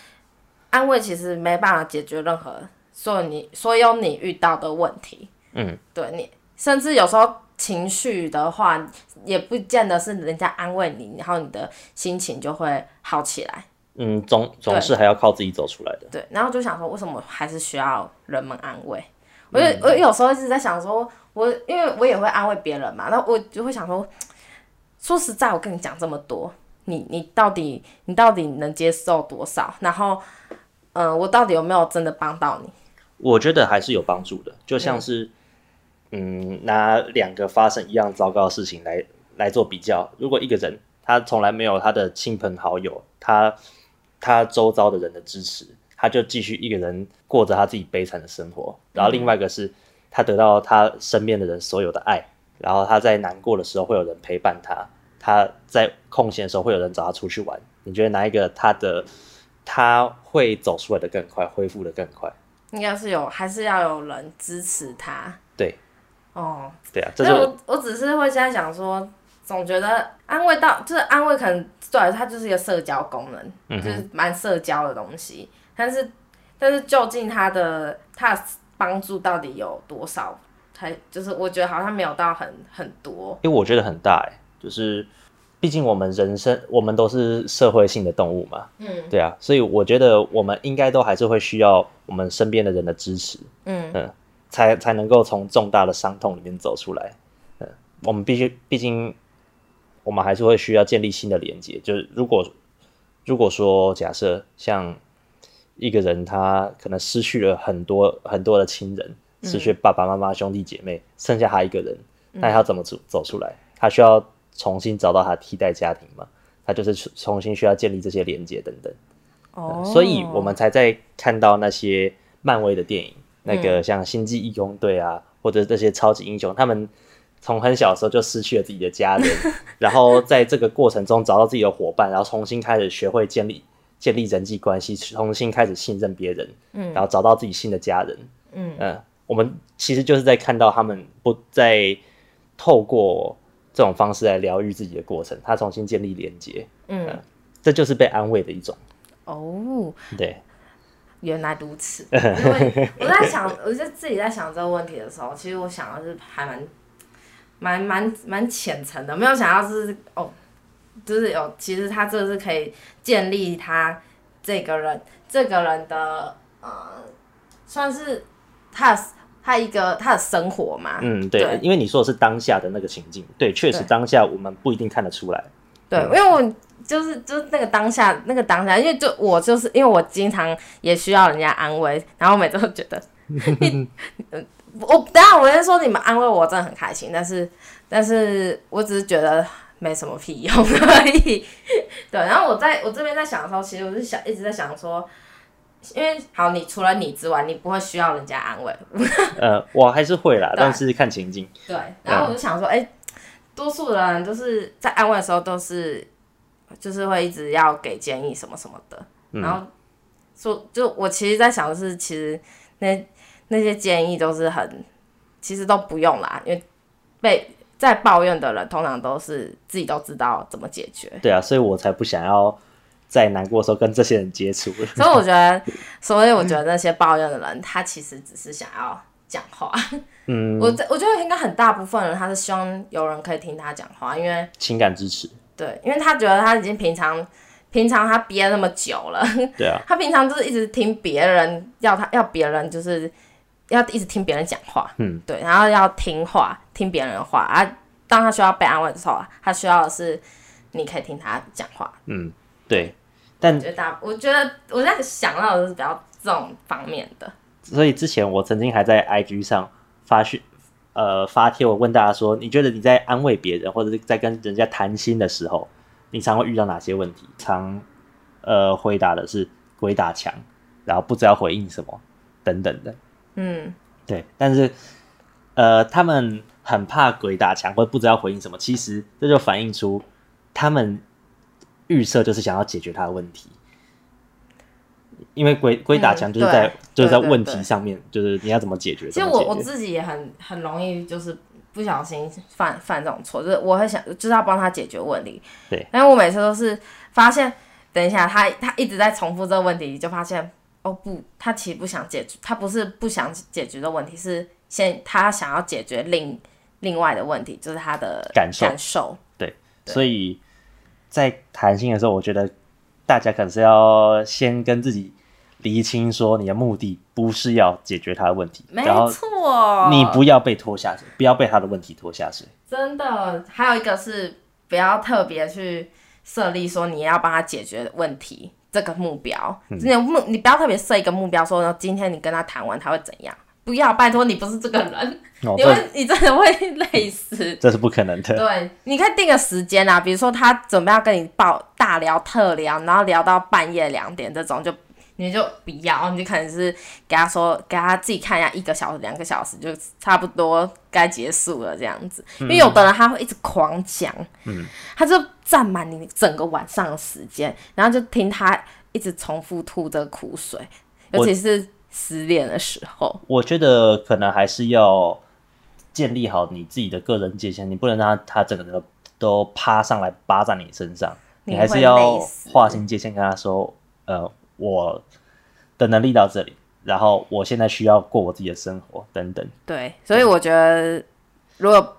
B: 安慰其實沒辦法解決任何，所有你所有你遇到的問題，嗯，對你，甚至有時候情緒的話，也不見得是人家安慰你，然後你的心情就會好起來。
A: 嗯，總總是還要靠自己走出來的。對，
B: 對然後就想說，為什麼還是需要人們安慰？我就我有時候一直在想說，我因為我也會安慰別人嘛，那我就會想說，說實在，我跟你講這麼多。你你到底你到底能接受多少？然後，嗯、呃，我到底有沒有真的幫到你？
A: 我覺得還是有幫助的，就像是，嗯，嗯，拿兩個發生一樣糟糕的事情來來做比較。如果一個人他從來沒有他的親朋好友，他他周遭的人的支持，他就繼續一個人過着他自己悲慘的生活。然後另外一個是，嗯，他得到他身邊的人所有的愛，然後他在難過的時候會有人陪伴他。他在空閒的時候會有人找他出去玩，你覺得哪一個他的他會走出來的更快，恢復的更快？
B: 應該是有，還是要有人支持他？對，哦，對啊，所以我我，我只是會現在想說，總覺得安慰到就是安慰，可能對，他就是一個社交功能，就是蠻社交的東西。但是，嗯，但是，但是究竟他的他的幫助到底有多少？還就是我覺得好像沒有到很很多，
A: 因為我覺得很大欸，就是。畢竟我們人生，我們都是社會性的動物嘛。嗯，對啊，所以我覺得我們應該都還是會需要我們身邊的人的支持。嗯嗯，才才能夠從重大的傷痛裡面走出來。嗯，我們必須，畢竟我們還是會需要建立新的連接。就是如果如果說假設像一個人他可能失去了很多很多的親人，嗯，失去爸爸媽媽、兄弟姐妹，嗯，剩下他一個人，那他要怎麼走走出來？他需要。重新找到他替代家庭嘛？他就是重新需要建立這些連接等等、
B: oh. 嗯，所以我們
A: 才在看到那些漫威的電影，那個像《星際異攻隊》啊，嗯、或者這些超級英雄，他們從很小的時候就失去了自己的家人， 然後在這個過程中找到自己的夥伴，然後重新開始學會建立建立人際關係，重新開始信任別人、嗯，然後找到自己新的家人，嗯嗯，我們其實就是在看到他們不再透過。這種方式來療癒自己的過程，他重新建立連接，嗯、呃，這就是被安慰的一種哦。對，
B: 原來如此。因為我在想， 我就自己在想這個問題的時候，其實我想的是還蠻、蠻、蠻、蠻、蠻淺層的，沒有想到是哦，就是有。其實他這是可以建立他這個人、這個人的呃，算是他。他一個他的生活嘛，嗯對，對，因
A: 為你說的是當下的那個情境，對，確實當下我們不一定看得出來，對，嗯、對，因
B: 為我就是就是那個當下，那個當下，因為就我就是因為我經常也需要人家安慰，然後我每次都覺得， 你我等下我先說你們安慰我，我真的很開心，但是但是我只是覺得沒什麼屁用而已，對，然後我在我這邊在想的時候，其實我是想一直在想說。因為好，你除了你之外，你不會需要人家安慰。 呃，
A: 我還是會啦，但是看情境。
B: 對，然後我就想說，哎、嗯欸，多數人都是在安慰的時候，都是就是會一直要給建議什麼什麼的。
A: 然
B: 後說，嗯、所以就我其實，在想的是，其實那那些建議都是很，其實都不用啦，因為被在抱怨的人，通常都是自己都知道怎麼解決。對
A: 啊，所以我才不想要。在難過的時候跟這些人接觸，所
B: 以我覺得，所以我覺得那些抱怨的人，他其實只是想要講話。
A: 嗯，我
B: 我覺得應該很大部分人，他是希望有人可以聽他講話，因為
A: 情感支持。
B: 對，因為他覺得他已經平常平常他憋那麼久了，對啊， 他平常就是一直聽別人要他要別人就是要一直聽別人講話。嗯，對，然後要聽話聽別人的話啊。當他需要被安慰的時候，他需要的是你可以聽他講話。
A: 嗯。對，但我覺，
B: 我覺得我在想到的是比較這種方面的。
A: 所以之前我曾經還在 IG 上發訊，呃，發帖，我問大家說：你覺得你在安慰別人或者是在跟人家談心的時候，你常會遇到哪些問題？常呃，回答的是鬼打牆，然後不知道回應什麼等等的。嗯，對。但是呃，他們很怕鬼打牆或者不知道回應什麼，其實這就反映出他們。預設就是想要解決他的問題，因為鬼鬼打牆就是在、嗯、就是在問題上面對對對，就是你要怎麼解決。其實我我自己也
B: 很很容易，就是不小心犯犯這種錯，就是我很想就是要幫他解決問題，對。但我每次都是發現，等一下他他一直在重複這個問題，就發現哦不，他其實不想解決，他不是不想解決的問題，是先他想要解決另另外的問題，就是他的感受感受
A: 對。對，所以。在談心的時候，我覺得大家可能是要先跟自己釐清，說你的目的不是要解決他的問題，沒錯，你不要被拖下水，不要被他的問題拖下水。
B: 真的，還有一個是不要特別去設立說你要幫他解決問題這個目標，你、嗯、目你不要特別設一個目標說，然後今天你跟他談完他會怎樣。不要，拜託你不是這個人，因、哦、為你，你真的會累死。
A: 這是不可能的。
B: 對，你可以定個時間啊，比如說他準備要跟你報大聊特聊，然後聊到半夜兩點這種就，就你就不要，你就可能是給他說，給他自己看一下一個小時、兩個小時就差不多該結束了這樣子。嗯、因為有的人他會一直狂講，嗯，他就佔滿你整個晚上的時間，然後就聽他一直重複吐着苦水，
A: 尤其是。
B: 失戀的時候，
A: 我覺得可能還是要建立好你自己的個人界限，你不能讓他，他整個人都趴上來扒在你身上，你還是要劃清界限，跟他說：“呃，我的能力到這裡，然後我現在需要過我自己的生活，等等。”
B: 對，所以我覺得如果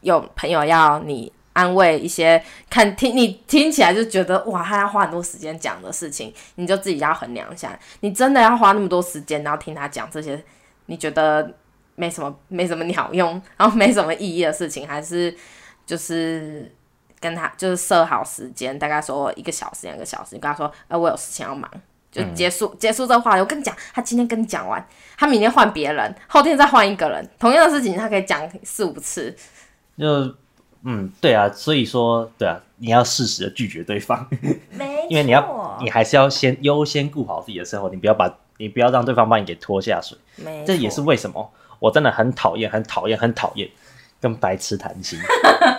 B: 有朋友要你。安慰一些看聽你聽起來就覺得哇，他要花很多時間講的事情，你就自己要衡量一下，你真的要花那麼多時間，然後聽他講這些，你覺得沒什麼沒什麼鳥用，然後沒什麼意義的事情，還是就是跟他就是設好時間，大概說一個小時兩個小時，你跟他說，哎、呃，我有事情要忙，就結束、嗯、結束這話。我跟你講，他今天跟你講完，他明天換別人，後天再換一個人，同樣的事情他可以講四五次，就、
A: 嗯。嗯，對啊，所以說，對啊，你要適時的拒絕對方， 因為你要，你還是要先優先顧好自己的生活，你不要把，你不要讓對方把你給拖下水，這也是為什麼我真的很討厭，很討厭，很討厭跟白痴談心，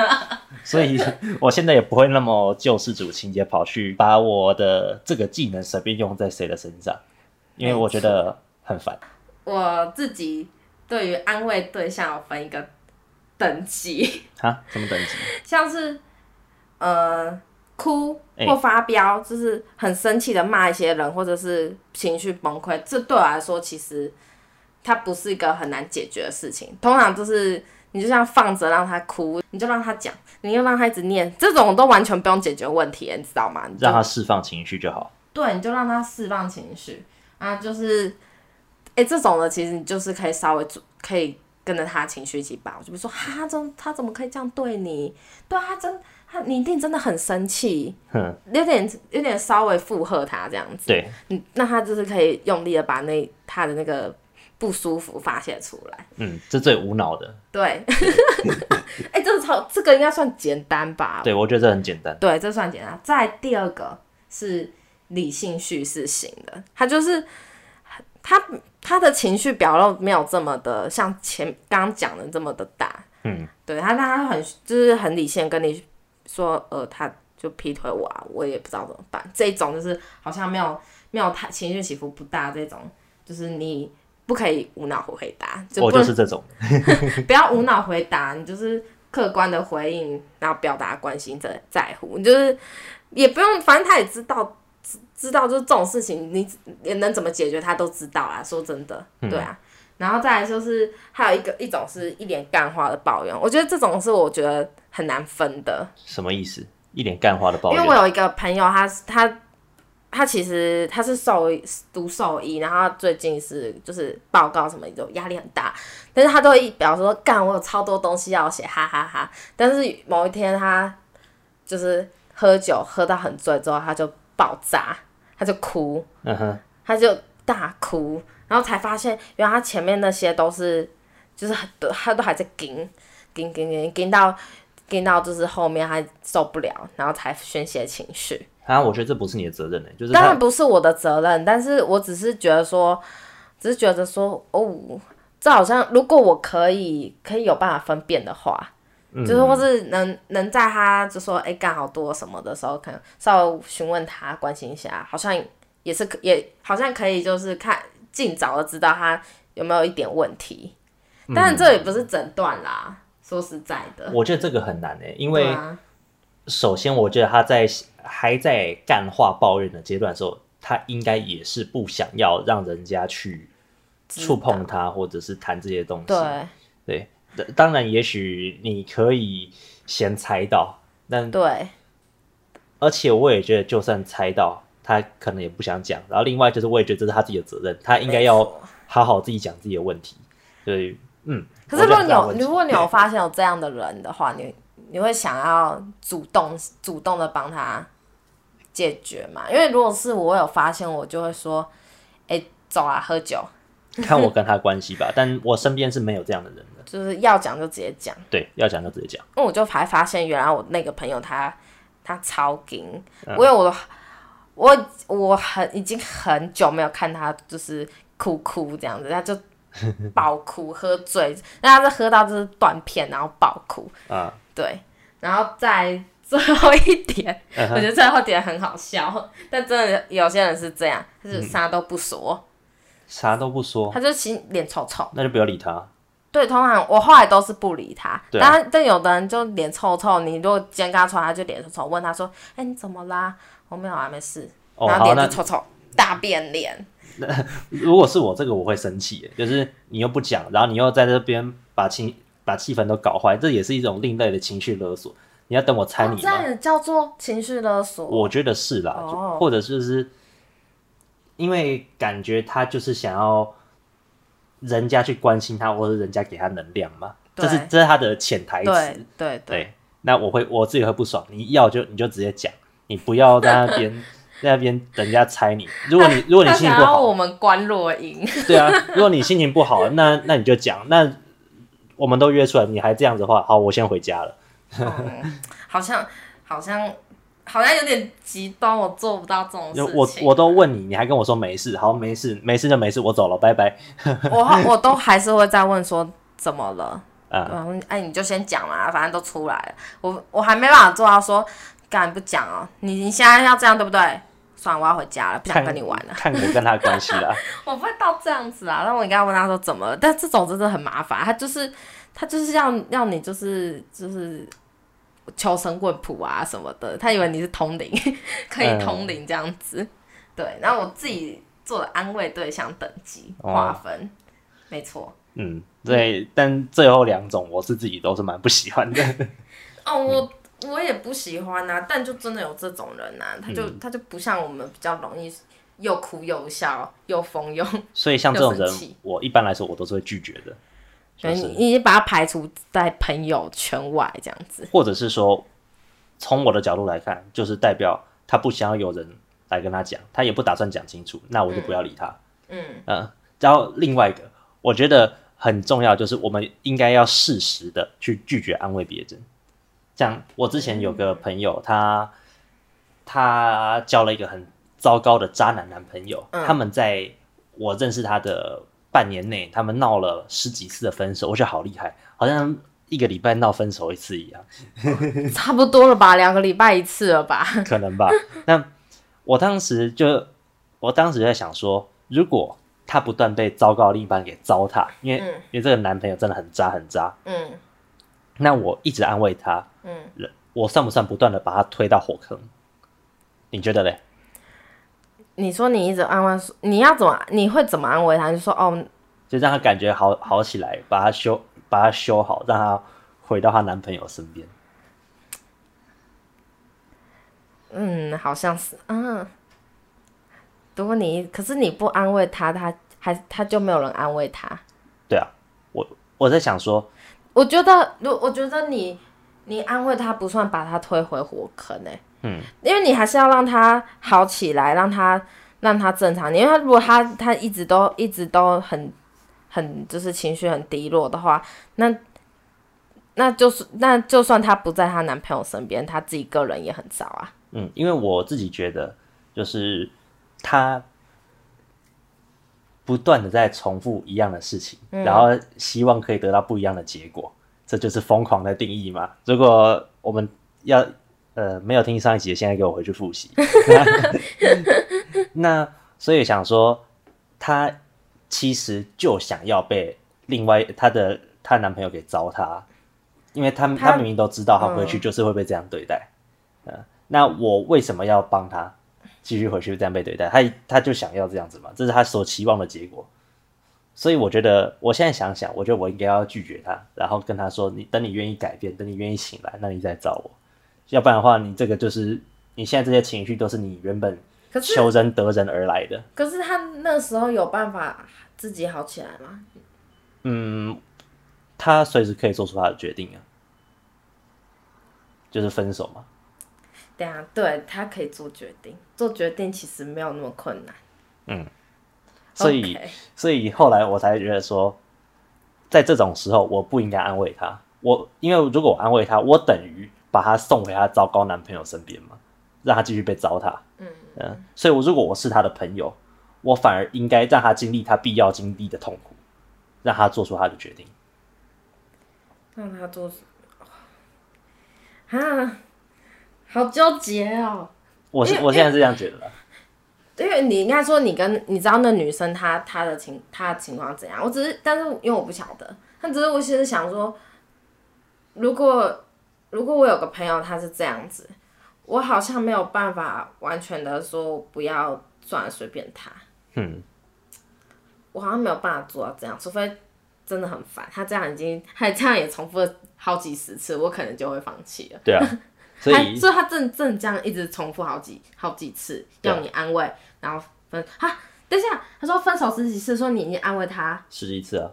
A: 所以我現在也不會那麼救世主情結跑去把我的這個技能隨便用在誰的身上，因為我覺得很煩。
B: 我自己對於安慰對象，我分一個。等級
A: 啊？ 什麼等級？
B: 像是，呃，哭或發飆，欸，就是很生氣的罵一些人，或者是情緒崩潰。這對我來說，其實它不是一個很難解決的事情。通常就是你就像放着讓他哭，你就讓他講，你又讓他一直念，這種都完全不用解決問題，你知道嗎？讓他
A: 釋放情緒就好。
B: 對，你就讓他釋放情緒。啊，就是，哎，欸，這種的，其實你就是可以稍微做，可以。跟着他情緒一起爆，我就比如說，哈、啊，他怎麼可以這樣對你？對啊，他真他你一定真的很生氣，哼，有點有點稍微附和他這樣子，對，嗯，那他就是可以用力的把那他的那個不舒服發洩出來，
A: 嗯，這最無腦的，
B: 對，哎、 欸，這超這個應該算簡單吧？
A: 對，我覺得這很簡單，
B: 對，這算簡單。再第二個是理性敘事型的，他就是。他他的情緒表露沒有這麼的像前剛講的這麼的大，嗯，對他，他很就是很理性跟你說，呃，他就劈腿我啊，我也不知道怎麼辦。這種就是好像沒有沒有太情緒起伏不大這，這種就是你不可以無腦回答，我就，哦，就是這種， 不要無腦回答，你就是客觀的回應，然後表達關心的在、在乎，你就是也不用，反正他也知道。知道就是這種事情，你你能怎麼解決，他都知道啊。說真的、嗯，對啊。然後再來就是還有一個一種是一臉幹話的抱怨，我覺得這種是我覺得很難分的。
A: 什麼意思？一臉幹話的抱怨。因為我有一
B: 個朋友，他他他其實他是獸醫，讀獸醫，然後最近是就是報告什麼，就壓力很大，但是他都會表示說幹，我有超多東西要寫，哈、哈哈哈。但是某一天他就是喝酒喝到很醉之後，他就。爆炸，他就哭
A: ，Uh-huh.
B: 他就大哭，然後才發現，原來他前面那些都是，就是很多他都還在 ㄍ ㄍ ㄍ ㄍ 到，ㄍ 到，到就是後面他受不了，然後才宣洩情緒。
A: 啊，我覺得這不是你的責任呢、欸，就是當然不
B: 是我的責任，但是我只是覺得說，只是覺得說，哦，這好像如果我可以，可以有辦法分辨的話。嗯、就是，或是能能在他就說，哎、欸，幹好多什麼的時候，可能稍微詢問他，關心一下，好像也是，也好像可以，就是看盡早的知道他有沒有一點問題。
A: 但這
B: 也不是診斷啦、嗯，說實在的。我覺
A: 得這個很難誒、欸，因為首先，我覺得他在還在幹話抱怨的階段的時候，他應該也是不想要讓人家去觸碰他，或者是談這些東西。對對。當然，也許你可以先猜到，但對，而且我也覺得，就算猜到，他可能也不想講。然後，另外就是，我也覺得這是他自己的責任，他應該要好好自己講自己的問題。對，嗯。可是，如果你有如
B: 果你有發現有這樣的人的話，你你會想要主動主動的幫他解決嗎？因為如果是我有發現，我就會說：“哎、欸，走啊，喝酒，看我
A: 跟他關係吧。 ”但我身邊是沒有這樣的人。
B: 就是要講就直接講，
A: 對，要講就直接講。
B: 那、嗯、我就才發現，原來我那個朋友他他超、嗯、我有我我很已經很久沒有看他就是哭哭這樣子，他就爆哭 喝醉，那他是喝到就是斷片，然後爆哭啊。對，然後再最後一點、嗯，我覺得最後一點很好笑，嗯、但真的有些人是這樣，他是啥都不說，
A: 啥都不說，他
B: 就其實臉臭臭，那就不要理他。所以通常我後來都是不理他，啊、但他但有的人就臉臭臭。你如果尖剛穿，他就臉臭臭，問他說：“哎、欸，你怎麼啦？”我沒有啊，沒事。哦、然後臉就臭臭，哦、大變臉。
A: 那如果是我這個，我會生氣，就是你又不講， 然後你又在這邊把情把氣氛都搞壞，這也是一種另類的情緒勒索。你要等我猜你、哦？這樣
B: 也叫做情緒勒索？我覺
A: 得是啦，或者就是、哦、因為感覺他就是想要。人家去關心他，或者人家給他能量嘛，這是這是他的潛台詞。對對對，對那我會我自己會不爽。你要就你就直接講，你不要在那邊 在那邊等人家猜你。如果你如果你，如果你心情不好，
B: 我們觀落陰。 對啊，
A: 如果你心情不好，那那你就講。那我們都約出來，你還這樣子的話，好，我先回家了。
B: 好 像、嗯、好像。好像好像有點極端，我做不到這種事情。
A: 我我都問你，你還跟我說沒事，好沒事，沒事就沒事，我走了，拜拜。 我我
B: 都還是會再問說怎麼了，嗯，然後，哎，你就先講嘛，反正都出來了。我我還沒辦法做到說，幹嘛不講哦，喔？你你現在要這樣對不對？算了，我要回家了，不想跟你玩了，
A: 看你跟他關係了。
B: 我不會到這樣子啊，但我應該問他說怎麼了，但這種真的很麻煩，他就是他就是要讓你就是就是。求神問卜啊什麼的，他以為你是通靈，可以通靈這樣子、嗯。對，然後我自己做的安慰對象等級、哦、劃分，沒錯。嗯，
A: 對嗯。但最後兩種我是自己都是蠻不喜歡的。
B: 哦，我我也不喜歡啊，但就真的有這種人吶、啊，他就、嗯、他就不像我們比較容易又哭又笑又瘋又，所以像這種人，我
A: 一般來說我都是會拒絕的。
B: 所以、就是、嗯、你把他排除在朋友圈外，這樣子，
A: 或者是說，從我的角度來看，就是代表他不想要有人來跟他講，他也不打算講清楚，那我就不要理他。嗯嗯，嗯。然後另外一個，我覺得很重要，就是我們應該要適時的去拒絕安慰別人。像我之前有個朋友，嗯、他他交了一個很糟糕的渣男男朋友，嗯、他們在我認識他的。半年內，他們鬧了十幾次的分手，我覺得好厲害，好像一個禮拜鬧分手一次一樣，
B: 差不多了吧？兩個禮拜一次了吧？
A: 可能吧。那我當時就，我當時就在想說，如果他不斷被糟糕另一半給糟蹋，因為、嗯、因為這個男朋友真的很渣很渣，嗯，那我一直安慰他，
B: 嗯，
A: 我算不算不斷的把他推到火坑？你覺得嘞？
B: 你說你一直安慰，你要怎麼？你會
A: 怎麼安慰她？就說哦，就讓她感覺好好起來，把她修，把她修好，讓她回到她男朋友身邊。嗯，
B: 好像是嗯。如果你可是你不安慰她，她還她就沒有人安慰她。
A: 對啊，我我在想說，
B: 我覺得如我覺得你你安慰她不算把她推回火坑呢、欸。嗯，因為你還是要讓他好起來，讓他讓他正常。因為他如果他他一直都一直都很很就是情緒很低落的話，那那就是那就算他不在她男朋友身邊，她自己個人也很糟啊。
A: 嗯，因為我自己覺得，就是她不斷的在重複一樣的事情，嗯，然後希望可以得到不一樣的結果，這就是瘋狂的定義嘛。如果我們要。呃，沒有聽上一集，現在給我回去複習。 那所以想說，她其實就想要被另外她的她男朋友給糟蹋，因為她她明明都知道，她回去就是會被這樣對待。嗯、呃，那我為什麼要幫她繼續回去這樣被對待？她她就想要這樣子嘛，這是她所期望的結果。所以我覺得，我現在想想，我覺得我應該要拒絕他，然後跟他說：“你等你願意改變，等你願意醒來，那你再找我。”要不然的話，你這個就是你現在這些情緒都是你原本求仁得仁而來的
B: 可。可是他那時候有辦法自己好起來嗎？嗯，
A: 他隨時可以做出他的決定啊，就是分手嘛。
B: 對啊，對他可以做決定，做決定其實沒有那麼困難。嗯，所以、okay.
A: 所以後來我才覺得說，在這種時候我不應該安慰他，我因為如果我安慰他，我等於。把她送回她糟糕男朋友身邊嘛，讓她繼續被糟蹋。嗯，嗯，所以，我如果我是她的朋友，我反而應該讓她經歷她必要經歷的痛苦，讓她做出她的決定。讓
B: 她做，啊，好糾結哦。我
A: 我現在是這樣覺得。因
B: 為，因為對你應該說你跟你知道那女生她她的情她的情況怎樣？我只是但是因為我不曉得，但只是我其實想說，如果。如果我有個朋友他是這樣子，我好像沒有辦法完全的說不要轉，隨便他、嗯。我好像沒有辦法做到這樣，除非真的很煩，他這樣已經他這樣也重複了好幾十次，我可能就會放棄了。對啊，
A: 所以， 他，所以他
B: 正正這樣一直重複好幾好幾次，要你安慰，嗯、然後分啊，等一下他說分手十幾次，說你你安慰他
A: 十幾次。啊。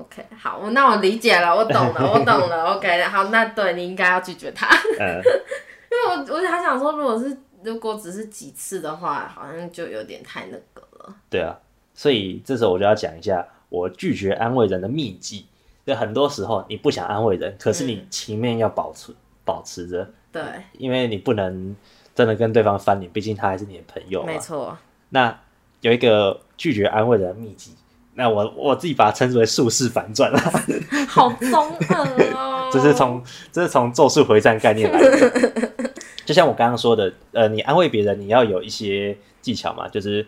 B: OK，好，那我理解了，我懂了，我懂了。 OK，好，那對你應該要拒絕他， 因為我我還想說，如果是如果只是幾次的話，好像就有點太那個了。
A: 對啊，所以這時候我就要講一下我拒絕安慰人的秘籍。就很多時候你不想安慰人，可是你情面要保持，嗯、保持着，對，因為你不能真的跟對方翻臉，畢竟他還是你的朋友。沒錯。那有一個拒絕安慰人的秘籍。那我我自己把它稱之為術式反轉了， 好中二哦！這 是從這、就是從咒術迴戰概念來的， 就像我剛剛說的，呃，你安慰別人，你要有一些技巧嘛，就是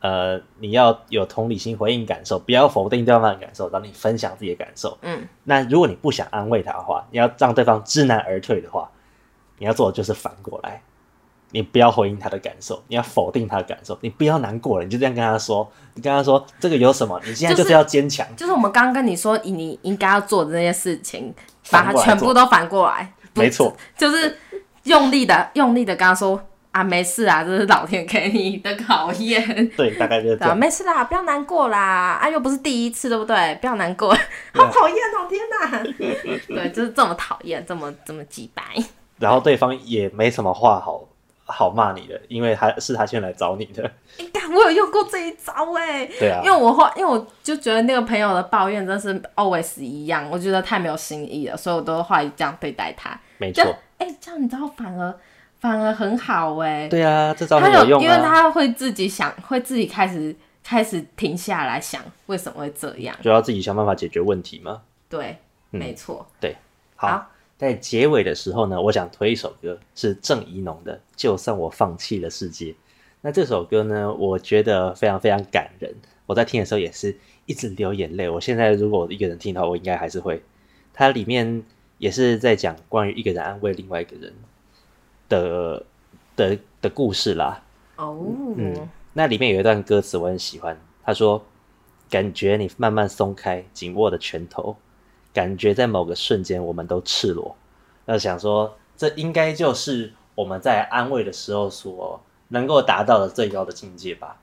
A: 呃，你要有同理心回應感受，不要否定對方的感受，讓你分享自己的感受。嗯，那如果你不想安慰他的話，你要讓對方知難而退的話，你要做的就是反過來。你不要回應他的感受，你要否定他的感受。你不要難過了，你就這樣跟他說。你跟他說這個有什麼？你現在就是要堅強、就
B: 是。就是我們剛剛跟你說，你應該要做的那些事情，把它全部都反過來。反過來做。沒錯，就是用力的、用力的跟他說啊，沒事啊，這是老天給你的考驗。
A: 對，大概就是這樣。沒
B: 事啦，不要難過啦。啊，又不是第一次，對不對？不要難過， 好討厭哦！天吶， 對，就是這麼討厭，這麼這麼機掰。
A: 然後對方也沒什麼話好。好罵你的，因為他是他先來找你的。哎、
B: 欸、我有用過這一招哎。對啊。因為我後，因為我就覺得那個朋友的抱怨真是 always 一樣，我覺得太沒有新意了，所以我都會這樣對待他。
A: 沒錯。
B: 哎、欸，這樣你知道，反而反而很好哎。對啊，這招很有用，因為他會自己想，啊、會自己開始開始停下來想，為什麼會這樣？就
A: 要自己想辦法解決問題嗎？
B: 對，嗯、沒
A: 錯。對，好。好在結尾的時候呢，我想推一首歌，是鄭宜農的《就算我放棄了世界》。那這首歌呢，我覺得非常非常感人。我在聽的時候也是一直流眼淚。我現在如果一個人聽的話，我應該還是會。它裡面也是在講關於一個人安慰另外一個人的的的故事啦。哦、oh.，嗯，那裡面有一段歌詞我很喜歡，他說：“感覺你慢慢鬆開緊握的拳頭。”感覺在某個瞬間，我們都赤裸。那想說，這應該就是我們在安慰的時候所能夠達到的最高的境界吧？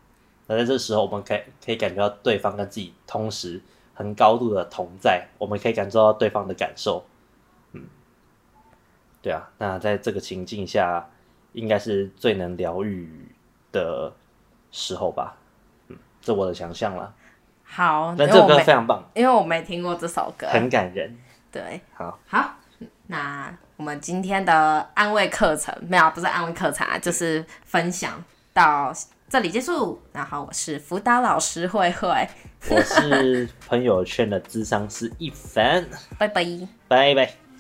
A: 那在這時候，我們可以可以感覺到對方跟自己同時很高度的同在，我們可以感受到對方的感受。嗯，對啊，那在這個情境下，應該是最能療癒的時候吧？嗯，這我的想象啦。
B: 好，那這首歌非常棒，因為我沒聽過這首歌，很感人，對，好，好，那我們今天的安慰課程沒有，不是安慰課程啊，就是分享到這裡結束。然後我是輔導老師蕙蕙，
A: 我是朋友圈的諮商師易凡，拜拜，拜 拜。Bye bye